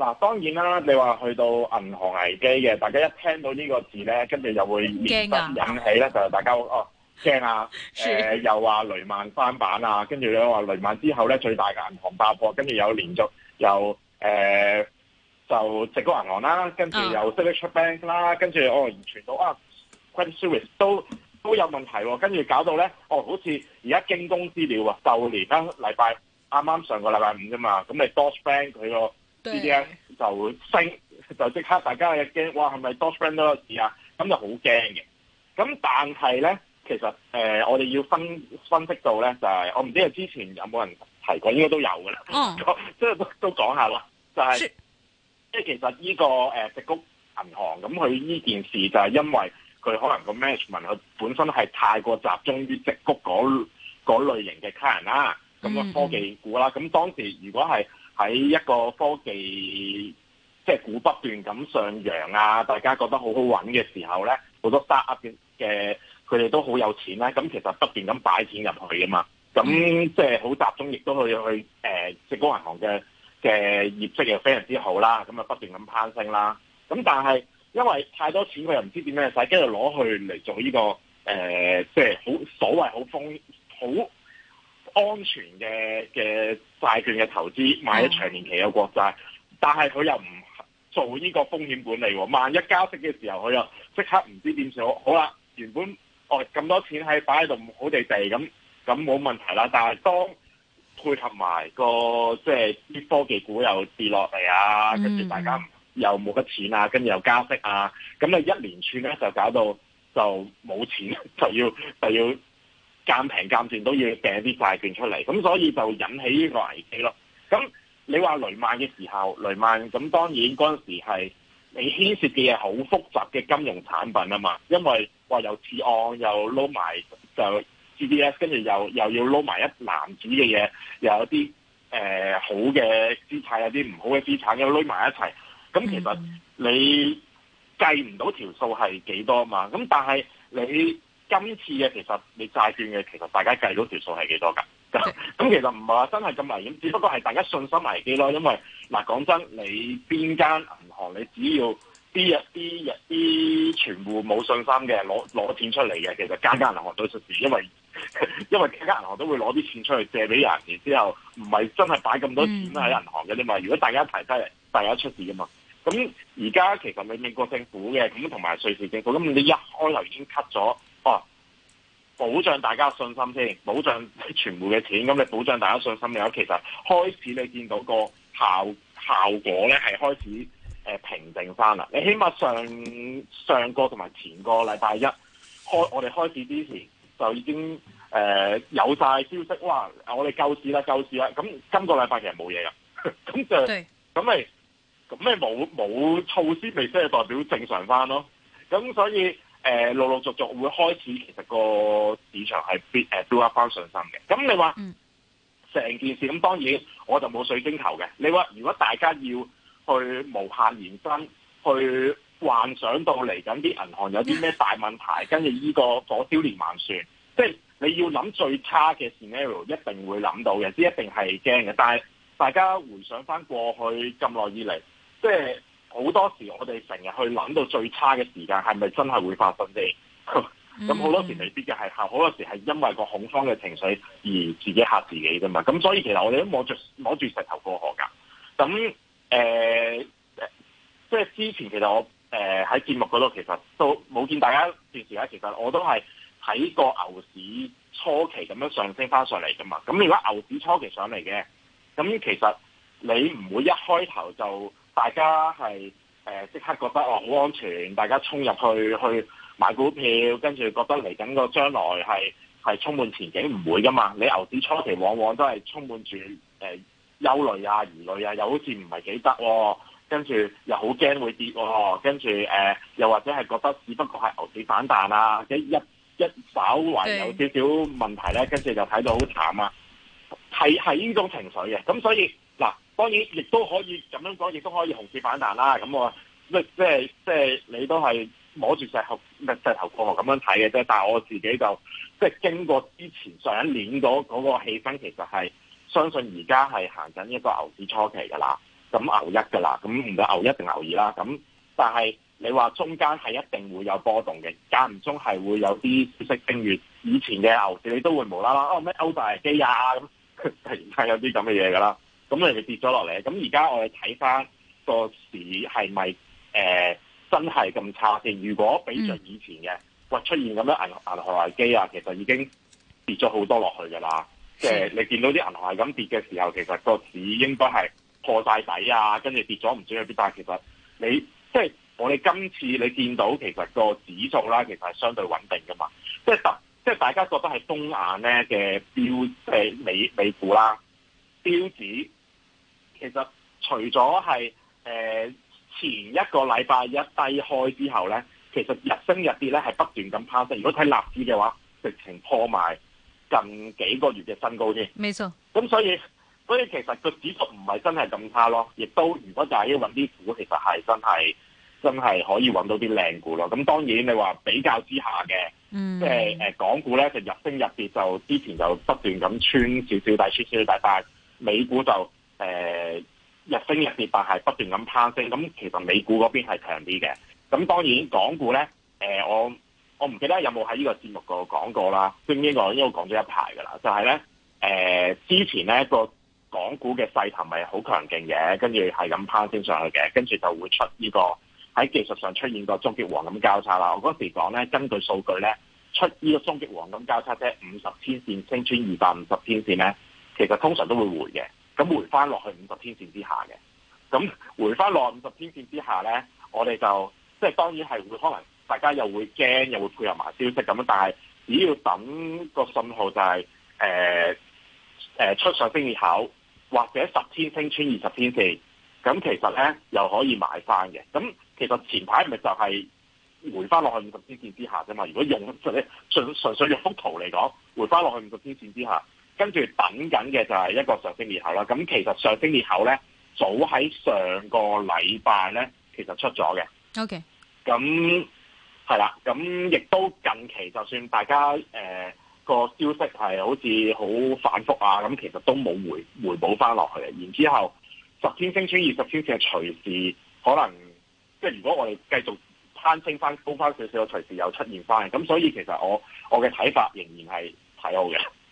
嗱，當然啦！你話去到銀行危機嘅，大家一聽到呢個字咧，跟住又會連引起咧、啊，就係大家哦驚啊！誒、 呃，又話雷曼翻版啊，跟住咧話雷曼之後咧，最大嘅銀行爆破，跟住又連續又，誒、呃、就直轄銀行啦，跟住又 Signature Bank 啦，跟住哦傳到啊 Credit Suisse 都都有問題喎、啊，跟住搞到咧哦，好似而家驚動資料啊！舊年啦，禮拜啱啱上個禮拜五啫嘛，咁你 Deutsche Bank 佢個。呢啲咧就會升，就即刻大家一驚，哇係咪多 friend 多事啊？咁就好驚嘅。咁但係咧，其實誒、呃、我哋要分分析到咧，就係、是、我唔知係之前有冇人提過，應該都有噶啦。即、啊、係都都講下咯，就係即係其實呢、這個誒矽、呃、谷銀行咁，佢呢件事就係因為佢可能個 management 佢本身係太過集中於矽谷嗰嗰類型嘅客人啦，咁個科技股啦，咁當時如果係。喺一個科技即係股不斷咁上揚啊，大家覺得很好好揾嘅時候咧，好多 start up 嘅佢哋都好有錢啦，咁其實不斷咁擺錢入去啊嘛，咁即係好集中，亦都去去誒，直、呃、轄銀行嘅嘅業績又非常之好啦，咁啊不斷咁攀升啦，咁但係因為太多錢佢又唔知點樣使，跟住攞去嚟做呢、呢個誒、呃，即係好所謂好豐好。安全嘅嘅債券嘅投資，買咗長年期嘅國債，但係佢又唔做呢個風險管理喎。萬一加息嘅時候，佢又即刻唔知點算好。好啦，原本哦咁多錢喺擺喺度，好地地咁，咁冇問題啦。但係當配合埋個即係啲科技股又跌落嚟啊，跟住大家又冇乜錢啊，跟住又加息啊，咁你一連串咧就搞到就冇錢，就要就要。鑑平鑑斷都要掟啲債券出嚟，咁所以就引起呢個危機咯。咁你話雷曼嘅時候雷曼，咁當然嗰陣時係你牽涉嘅嘢好複雜嘅金融產品啊嘛，因為哇又次按，又撈埋就 CDS 跟住又又要撈埋一籃子嘅嘢，又有啲誒、呃、好嘅資產，有啲唔好嘅資產撈，又攞埋一齊，咁其實你計唔到條數係幾多啊嘛，咁但係你。今次嘅其實你債券嘅，其實大家計到條數係幾多㗎？咁 其實唔係話真係咁危險，只不過係大家信心危機咯。因為嗱講真，你邊間銀行你只要啲人啲人啲全部冇信心嘅攞攞錢出嚟嘅，其實間間銀行都出事，因為因為間間銀行都會攞啲錢出去借俾人，然之後唔係真係擺咁多錢喺銀行嘅啫嘛。如果大家排低嚟，大家出事啊嘛。咁而家其實你美國政府嘅咁同埋瑞士政府，咁你一開頭就已經 cut 咗。哦、啊，保障大家信心先，保障全部嘅錢，咁你保障大家信心，你有其實開始你見到個效效果咧，係開始誒、呃、平靜翻啦。你起碼上上個同埋前個禮拜一開，我哋開始之前就已經誒、呃、有晒消息，哇！我哋救市啦，救市啦。咁今個禮拜其實冇嘢噶，咁就咁咪咁咪冇冇措施未？咪即係代表正常翻咯。咁所以。誒、呃，陸陸續續會開始，其實個市場係必誒 build 翻信心嘅。咁你話成件事，咁當然我就冇水晶球嘅。你話如果大家要去無限延伸，去幻想到嚟緊啲銀行有啲咩大問題，跟住呢個火燒連環船，即係你要諗最差嘅 scenario，一定會諗到嘅，即係一定係驚嘅。但係大家回想翻過去咁耐以嚟，即係。好多時我哋成日去諗到最差嘅時間，係咪真係會發生啲？咁 好多時未必嘅係嚇，好、mm-hmm. 多時係因為個恐慌嘅情緒而自己嚇自己㗎嘛。咁所以其實我哋都摸住摸住石頭過河㗎。咁誒，即、呃、係、就是、之前其實我喺節目嗰度其實都冇見大家段時間，其實我都係喺個牛市初期咁樣上升翻上嚟㗎嘛。咁如果牛市初期上嚟嘅，咁其實你唔會一開頭就～大家係誒即刻覺得哦好安全，大家衝入去去買股票，跟住覺得嚟緊個將來係係充滿前景，唔會㗎嘛。你牛市初期往往都係充滿住誒、呃、憂慮啊、疑慮啊，又好似唔係幾得、喎，跟住又好驚會跌、喎，跟住誒又或者係覺得只不過係牛市反彈啊，即一一手還有少少問題咧，yeah. 跟住就睇到好慘啊，係係呢種情緒嘅，咁所以。當然，亦都可以咁樣講，亦都可以熊市反彈啦。咁我即即即你都係摸住石頭，咩石頭過河咁樣睇嘅啫。但係我自己就即經過之前上一年嗰嗰個氣氛，其實係相信而家係行緊一個牛市初期嘅啦，咁牛一嘅啦，咁唔理牛一定牛二啦。咁但係你話中間係一定會有波動嘅，間唔中係會有啲消息，正如以前嘅牛市，你都會無啦啦哦咩歐債機啊咁，係有啲咁嘅嘢㗎啦。咁你哋跌咗落嚟，咁而家我哋睇翻個市係咪誒真係咁差先？如果比著以前嘅或、呃、出現咁樣銀銀行危機啊，其實已經跌咗好多落去噶啦。即係、呃、你見到啲銀行係咁跌嘅時候，其實個市應該係破晒底啊，跟住跌咗唔知去邊。但係其實你即係我哋今次你見到，其實個指數啦，其實係相對穩定噶嘛。即係特即係大家覺得係東眼咧嘅標，即係美，美股啦，標指。其實除咗係誒前一個禮拜一低開之後咧，其實日升日跌咧係不斷咁攀升。如果睇納指嘅話，直情破埋近幾個月嘅新高添。沒錯。咁所以，所以其實個指數唔係真係咁差咯。亦都如果就係要揾啲股，其實係真係真係可以揾到啲靚股咯。咁當然你話比較之下嘅，即係誒港股咧就日升日跌就，就之前就不斷咁穿少少大穿少少大，但美股就。誒、呃、日升日跌，但係不斷咁攀升。咁其實美股嗰邊係強啲嘅。咁當然港股咧，誒、呃、我我唔記得有冇喺呢個節目度講過啦。正呢個呢個講咗一排噶啦。就係、是、咧，誒、呃、之前咧個港股嘅勢頭咪好強勁嘅，跟住係咁攀升上去嘅，跟住就會出呢、這個喺技術上出現個終極黃金交叉啦。我嗰時講咧，根據數據咧，出呢個終極黃金交叉即係五十天線升穿二百五十天線咧，其實通常都會回嘅。咁回翻落去五十天線之下嘅，咁回翻落去五十天線之下呢，我哋就即係當然係會可能大家又會驚，又會配合埋消息咁。但係只要等個信號就係、是、誒、呃呃、出上升二口，或者十天升穿二十天線，咁其實呢又可以買翻嘅。咁其實前排咪就係回翻落去五十天線之下啫嘛。如果用即係純純粹用幅圖嚟講，回翻落去五十天線之下。跟住等緊嘅就係一個上升裂口啦。咁其實上升裂口呢，早喺上個禮拜呢，其實出咗嘅。O K. 咁係啦。咁亦都近期，就算大家誒個、呃、消息係好似好反覆啊，咁其實都冇回回補翻落去嘅。然之後十天升穿二十天線，隨時可能即係如果我哋繼續攀升翻高翻少少，隨時有出現翻。咁所以其實我我嘅睇法仍然係睇好嘅。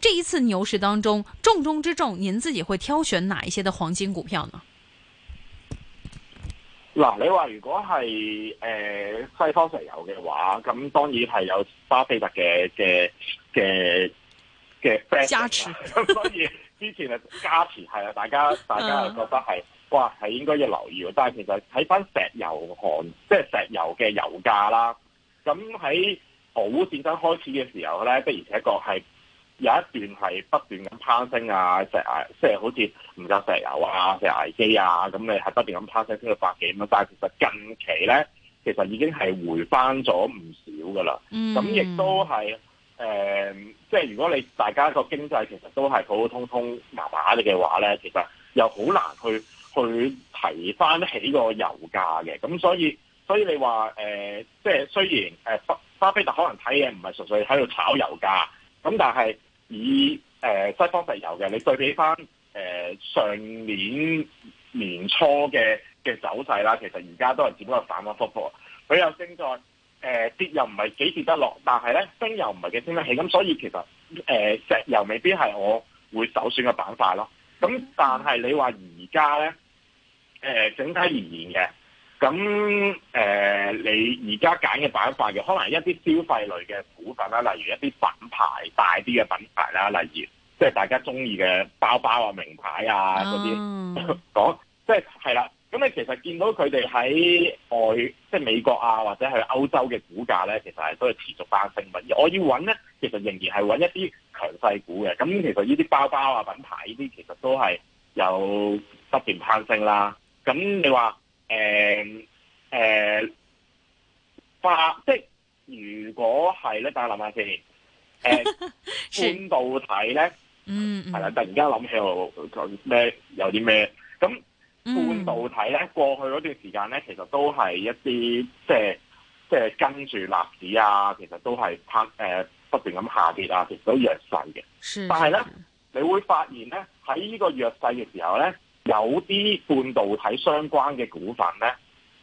這一次牛市當中重中之重，您自己會挑選哪一些嘅黃金股票呢？嗱，你話如果係誒、呃、西方石油嘅話，咁當然係有巴菲特嘅嘅嘅嘅加持，咁 所以之前誒加持係啦，大家 大家係覺得係，哇係應該要留意，但係其實睇返石油行，即係石油嘅油價啦，咁喺俄烏戰爭開始嘅時候咧，的而且確係。有一段係不斷咁攀升啊，石啊，即係好似唔夠石油啊，石油危機啊，咁你係不斷咁攀升升到百幾蚊。但係其實近期咧，其實已經係回翻咗唔少噶啦。咁、嗯、亦、嗯、都係誒、嗯，即係如果你大家個經濟其實都係普普通通麻麻地嘅話咧，其實又好難去去提翻起個油價嘅。咁所以所以你話誒、嗯，即係雖然誒、啊、巴巴菲特可能睇嘢唔係純粹喺度炒油價，咁但係。以誒、呃、西方石油嘅，你對比翻誒、呃、上年年初嘅嘅走勢啦，其實而家都係只不過是反反覆覆，佢又升咗，誒、呃、跌又唔係幾跌得落，但係咧升又唔係幾升得起，咁所以其實誒、呃、石油未必係我會首選嘅板塊咯。咁但係你話而家咧，誒整體而言嘅。咁誒、呃，你而家揀嘅板塊嘅，可能一啲消費類嘅股份啦，例如一啲品牌大啲嘅品牌啦，例如即係大家中意嘅包包啊、名牌啊嗰啲，講、oh. 即係係啦。咁你其實見到佢哋喺外，即係美國啊或者係歐洲嘅股價咧，其實係都係持續攀升。而我要揾咧，其實仍然係揾一啲強勢股嘅。咁其實呢啲包包啊、品牌呢啲，其實都係有不斷攀升啦。咁你話？誒、嗯、誒、發、嗯嗯、即如果係咧，大家諗下先。誒， 半導體咧，嗯，係啦，突然間諗起咩，有啲咩咁？半導體咧、嗯，過去嗰段時間咧，其實都係一啲即係即係跟住納指啊，其實都係拍誒不斷咁下跌啊，其實都弱勢嘅。但係咧，你會發現咧，喺呢在這個弱勢嘅時候咧。有啲半導體相關嘅股份呢，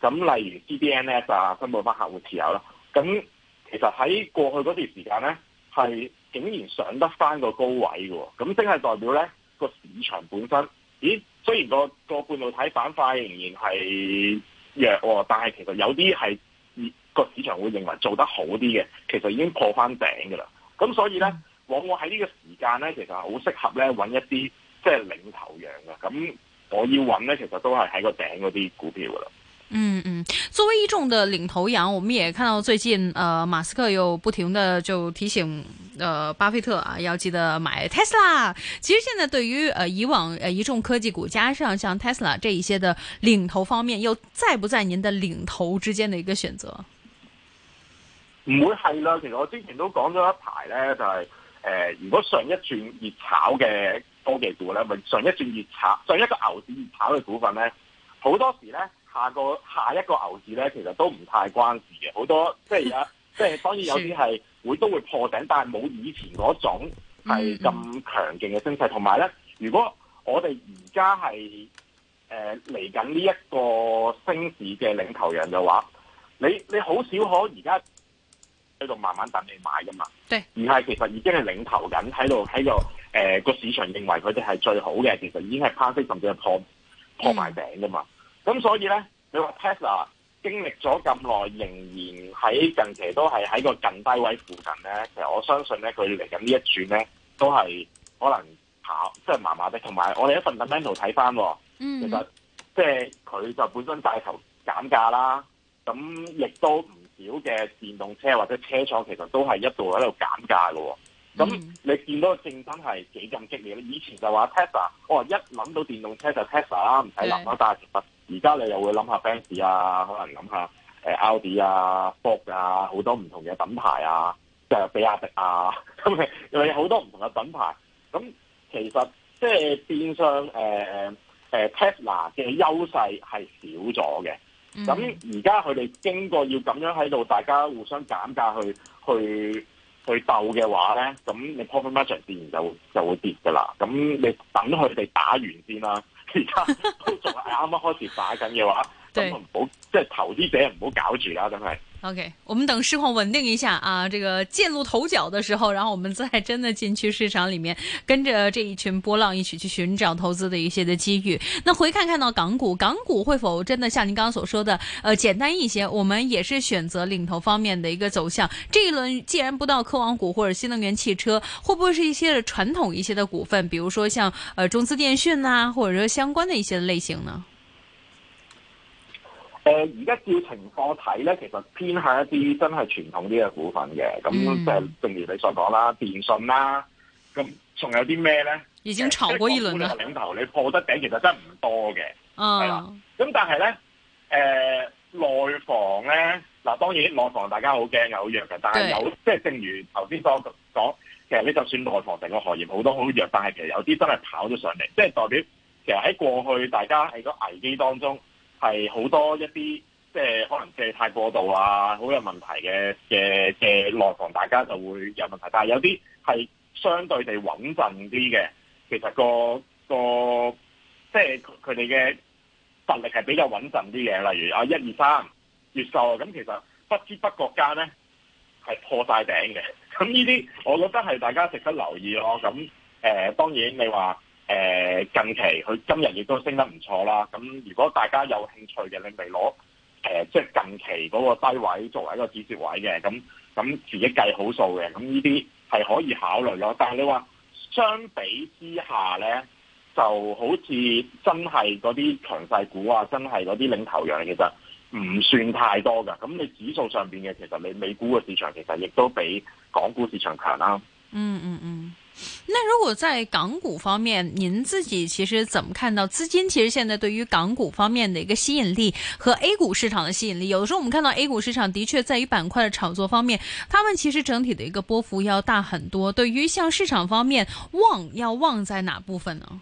咁例如 CDNS 啊，分配翻客戶持有啦。咁其實喺過去嗰段時間呢，係竟然上得翻個高位嘅，咁即係代表呢個市場本身，咦？雖然、嗰個個半導體板塊仍然係弱，但係其實有啲係個市場會認為做得好啲嘅，其實已經破翻頂嘅啦。咁所以呢，往往喺呢個時間呢，其實好適合呢揾一啲。即係領頭羊噶，咁我要揾咧，其實都係喺個頂嗰啲股票噶啦。嗯嗯，作為一眾嘅領頭羊，我們也看到最近，誒，馬斯克又不停的就提醒，誒，巴菲特啊，要記得買 Tesla。其實現在對於，誒，以往誒一眾科技股，加上像 Tesla 這一些的領頭方面，又在不在您的領頭之間的一個選擇？唔會係啦，其實我之前都講咗一排咧，就係，誒，如果上一轉熱炒嘅。科技股咧，咪上一轉熱炒，上一個牛市熱炒嘅股份咧，好多時咧，下個下一個牛市咧，其實都唔太關事嘅，好多即係啊，即係當然有啲係會都會破頂， 但係冇以前嗰種係咁強勁嘅升勢。同埋咧，如果我哋而家係誒嚟緊呢一個升市嘅領頭羊嘅話，你你好少可而家喺度慢慢等你買噶嘛？對，而係其實已經係領頭緊喺度喺度。誒、呃、個市場認為佢哋係最好嘅，其實已經係 passive 甚至係破破埋頂噶嘛。咁、mm. 所以咧，你話 Tesla 經歷咗咁耐，仍然喺近期都係喺個近低位附近咧。其實我相信咧，佢嚟緊呢一轉咧，都係可能跑即係麻麻地。同、就、埋、是、我哋一份 fundamental 睇翻，mm. 其實即係佢就本身帶頭減價啦。咁亦都唔少嘅電動車或者車廠，其實都係一度喺度減價噶。咁你見到個競爭係幾咁激烈咧？以前就話 Tesla，我、哦、一諗到電動車就 Tesla 啦，唔使諗啦。但係其實而家你又會諗下 Benz 啊，可能諗下誒 Audi 啊、Ford 啊，好多唔同嘅品牌啊，即係比亞迪啊，咁 咪有好多唔同嘅品牌。咁其實即係變相誒誒、呃呃、Tesla 嘅優勢係少咗嘅。咁而家佢哋經過要咁樣喺度，大家互相減價去去去鬥嘅話咧，咁你 property market 自然就就會跌㗎喇。咁你等佢哋打完先啦。而家都仲係啱啱開始打緊嘅話。唔好即係投資者唔好搞住啦，真係。嗯嗯，Okay，我們等市況穩定一下啊，這個漸露頭角的時候，然後我們再真的進去市場裏面，跟着這一群波浪一起去尋找投資的一些的機遇。那回看看到港股，港股會否真的像您剛剛所說的，呃，簡單一些？我們也是選擇領頭方面的一個走向。這一輪既然不到科網股或者新能源汽車，會不會是一些傳統一些的股份，比如說像呃中資電訊啊，或者說相關的一些的類型呢？誒、呃，而家照情況睇咧，其實偏向一啲真係傳統啲嘅股份嘅，咁即係正如你所講啦，電信啦、啊，咁仲有啲咩咧？已經炒過一輪啦。領頭你破得頂，其實,其實真唔多嘅。啦、哦，咁但係咧，誒、呃、內房咧，嗱當然內房大家好驚又好弱嘅，但係有即係正如頭先所講，其實你就算內房成個行業好多好弱，但係其實有啲真係跑咗上嚟，即係代表其實喺過去大家喺個危機當中。係好多一啲即係可能借貸過度啊，好有問題嘅嘅嘅內房，大家就會有問題。但係有啲係相對地穩陣啲嘅，其實個個即係佢哋嘅實力係比較穩陣啲嘅。例如啊，一、二、三、越秀咁，其實不知不覺間咧係破晒頂嘅。咁呢啲我覺得係大家值得留意咯。咁誒、呃，當然你話。誒，近期佢今日亦都升得唔錯啦。咁如果大家有興趣嘅，你未攞誒，即係近期嗰個低位作為一個止蝕位嘅，咁咁自己計好數嘅，咁呢啲係可以考慮咯。但係你話相比之下咧，就好似真係嗰啲強勢股啊，真係嗰啲領頭羊，其實唔算太多噶。咁你指數上邊嘅，其實你美股嘅市場其實亦都比港股市場強啦。嗯嗯嗯。嗯那如果在港股方面，您自己其實怎麼看到資金？其實現在對於港股方面的一個吸引力，和 A 股市場的吸引力，有的時候我們看到 A 股市場的確在於板塊的炒作方面，他們其實整體的一個波幅要大很多。對於向市場方面旺要旺在哪部分呢？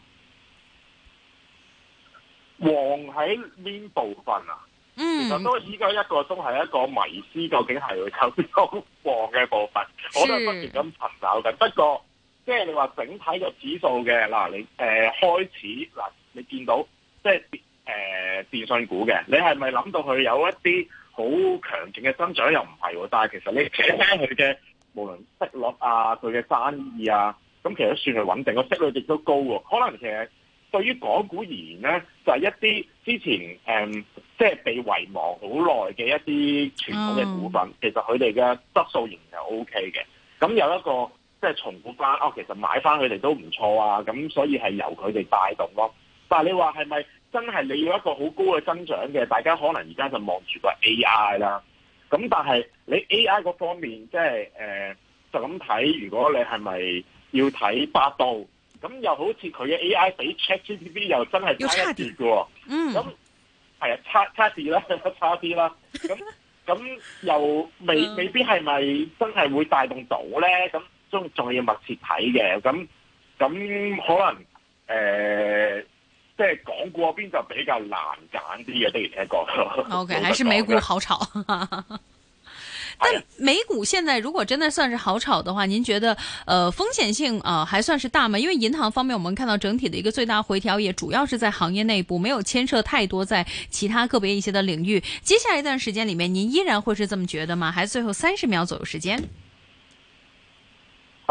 旺喺邊部分啊？嗯，其實都依家一個都係一個迷思，究竟係有幾多旺嘅部分，我都係不斷咁尋找緊，不過。即係你話整體個指數嘅嗱，你誒、呃、開始嗱、呃，你見到即係誒、呃、電信股嘅，你係咪諗到佢有一啲好強勁嘅增長？又唔係，但係其實你睇翻佢嘅無論息率啊，佢嘅生意啊，咁其實都算係穩定。個息率亦都高喎。可能其實對於港股而言咧，就係、是、一啲之前誒即係被遺忘好耐嘅一啲傳統嘅股份，oh. 其實佢哋嘅質素仍然係 O K 嘅。咁有一個。即係重複翻哦，其實買翻佢哋都唔錯啊，咁所以係由佢哋帶動咯。但係你話係咪真係你要一個好高嘅增長嘅？大家可能而家就望住個 A I 啦。咁但係你 A I 嗰方面，即係誒，就咁睇。如果你係咪要睇百度？咁又好似佢嘅 A I 比 Chat G P T 又真係差一啲嘅。嗯，咁係啊，差差啲啦，差啲啦。咁 咁又未未必係咪真係會帶動到咧？咁仲仲要密切睇嘅，咁咁可能誒、呃，即係港股嗰邊就比較難揀啲嘅，例如聽講。OK，還是美股好炒？ 但美股現在如果真的算是好炒的話，您覺得，呃，風險性啊、呃，還算是大嗎？因為銀行方面，我們看到整體的一個最大回調，也主要是在行業內部，沒有牽涉太多在其他個別一些的領域。接下來一段時間裏面，您依然會是這麼覺得嗎？還是最後三十秒左右時間。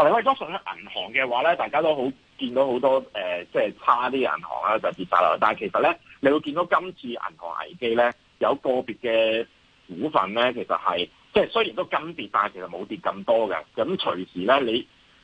你、嗯、外，因為通常喺銀行嘅話咧，大家都好見到好多誒，即、呃、係、就是、差啲銀行啦，就跌晒啦。但係其實咧，你會見到今次銀行危機咧，有個別嘅股份咧，其實係即係雖然都跟跌，但係其實冇跌咁多嘅。咁隨時咧，你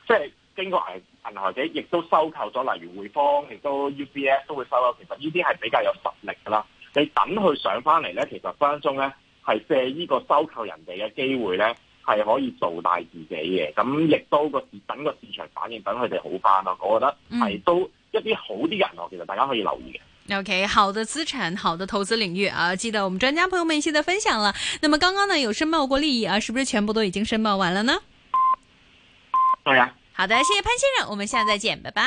即係經過銀銀行者，亦都收購咗，例如匯豐，亦都 UBS 都會收購。其實呢啲係比較有實力噶啦。你等佢上翻嚟咧，其實分分鐘咧係借呢個收購人哋嘅機會咧。係可以做大自己嘅，咁亦都個等個市場反應，等佢哋好翻咯。我覺得係都一啲好啲人哦，其實大家可以留意嘅。嗯。OK，好的資產，好的投資領域啊，記得我們專家朋友們現在分享啦。那麼剛剛呢有申報過利益啊，是不是全部都已經申報完了呢？對啊，好的，謝謝潘先生，我們下次再見，拜拜。